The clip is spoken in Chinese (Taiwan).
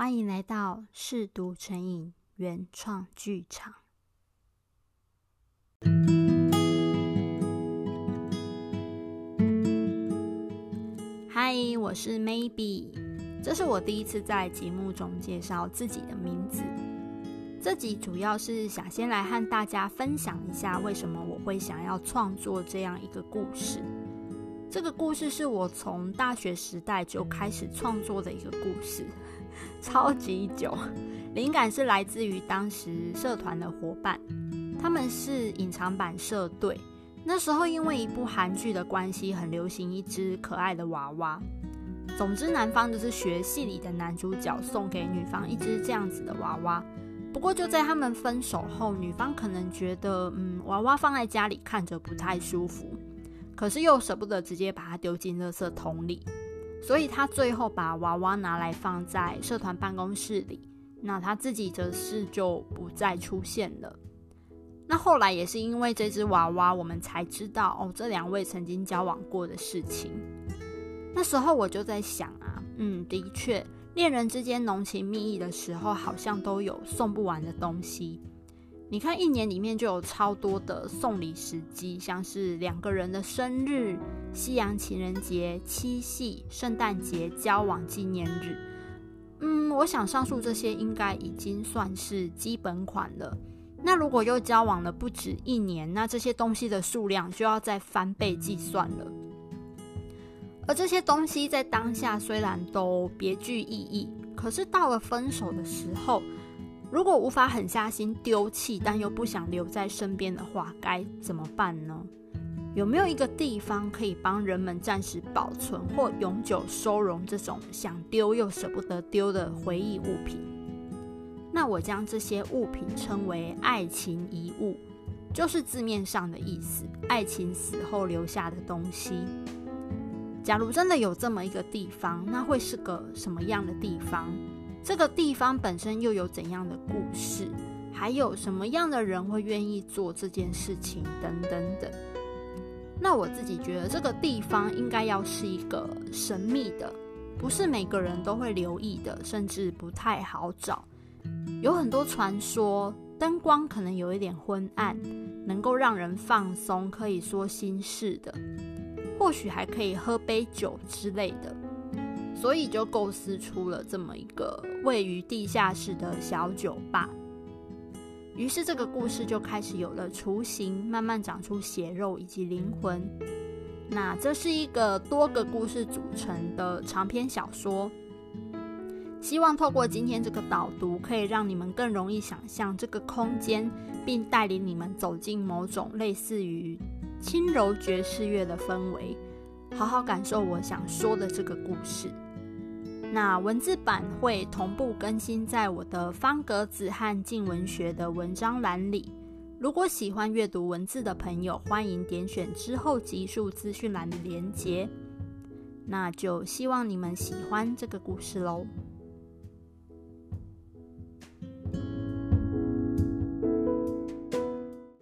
歡迎來到《嗜讀成癮》原創劇場。嗨，我是 Maybe，這是我第一次在節目中介紹自己的名字。這集主要是想先來和大家分享一下，為什麼我會想要創作這樣一個故事。這個故事是我從大學時代就開始創作的一個故事。超級久，靈感是來自於當時社團的夥伴，他們是隱藏版社隊。那時候因為一部韓劇的關係，很流行一隻可愛的娃娃。總之，男方就是學戲裡的男主角，送給女方一隻這樣子的娃娃。不過就在他們分手後，女方可能覺得，嗯，娃娃放在家裡看着不太舒服，可是又捨不得直接把它丟進垃圾桶裡。所以他最後把娃娃拿來放在社團辦公室裡，那他自己則是就不再出現了。那後來也是因為這只娃娃，我們才知道哦，這兩位曾經交往過的事情。那時候我就在想啊，嗯，的確，戀人之間濃情蜜意的時候，好像都有送不完的東西。你看，一年裡面就有超多的送禮時機，像是兩個人的生日、西洋情人節、七夕、聖誕節、交往紀念日。嗯，我想上述這些應該已經算是基本款了。那如果又交往了不止一年，那這些東西的數量就要再翻倍計算了。而這些東西在當下雖然都別具意義，可是到了分手的時候，如果無法狠下心丟棄，但又不想留在身邊的話，該怎麼辦呢？有沒有一個地方可以幫人們暫時保存或永久收容這種想丟又捨不得丟的回憶物品？那我將這些物品稱為“愛情遺物”，就是字面上的意思——愛情死後留下的東西。假如真的有這麼一個地方，那會是個什麼樣的地方？這個地方本身又有怎樣的故事？還有什麼樣的人會願意做這件事情？等等等。那我自己覺得，這個地方應該要是一個神秘的，不是每個人都會留意的，甚至不太好找。有很多傳說，燈光可能有一點昏暗，能夠讓人放鬆，可以說心事的，或許還可以喝杯酒之類的。所以就構思出了這麼一個位於地下室的小酒吧，於是這個故事就開始有了雛形，慢慢長出血肉以及靈魂。那這是一個多個故事組成的長篇小說，希望透過今天這個導讀，可以讓你們更容易想象這個空間，並帶領你們走進某種類似於輕柔爵士樂的氛圍，好好感受我想說的這個故事。那文字版會同步更新在我的方格子和鏡文學的文章欄裡。如果喜歡閱讀文字的朋友，歡迎點選之後集數資訊欄的連結。那就希望你們喜歡這個故事嘍。